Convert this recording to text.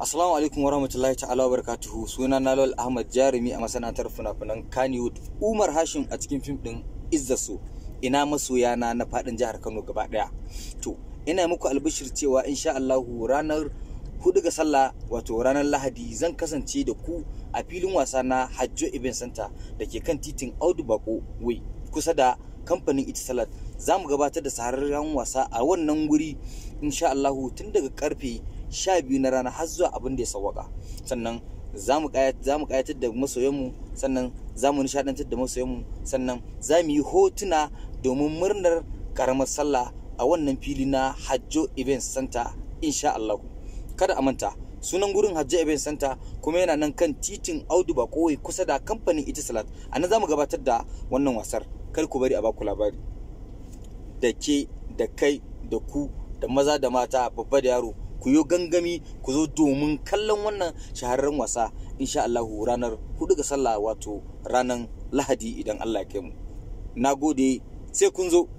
Assalamu alaikum warahmatullahi ta'ala wa barakatuhu suna na Lawal Ahmad Jarumi a masana'antar fina-finan Kannywood Umar Hashim a cikin fim din Izzasu ina masoya na na fadin jihar Kano gaba daya to ina muku albishir cewa insha Allah ranar hudu ga sallah wato ranar Lahadi zan kasance da ku a filin wasa na Hajjo Event Center da ke kan titin Audu Bako Way kusa da kamfanin Itisalat za mu gabatar da sahararren wasa a wannan wuri insha Allah tun daga karfe sha biyu na rana har zuwa abin da ya sawwaka sannan za mu kayatar da masoyanmu sannan za mu nishaɗantar da masoyanmu sannan za mu yi hotuna domin murnar karamar sallah a wannan fili na hajjo event center insha Allah kada a manta sunan gurin hajjo event center kuma yana nan kan titin audu ba kowai kusa da kamfanin ita salat a nan za mu gabatar da wannan wasar kar ku bari a baku labari da ke da kai da ku da maza da mata babba da yaro ku yo gangami ku zo domin kallon wannan shahararren wasa insha Allahu ranar hudu ga sallah wato ranar lahadi idan Allah ya kai mu na gode sai kun zo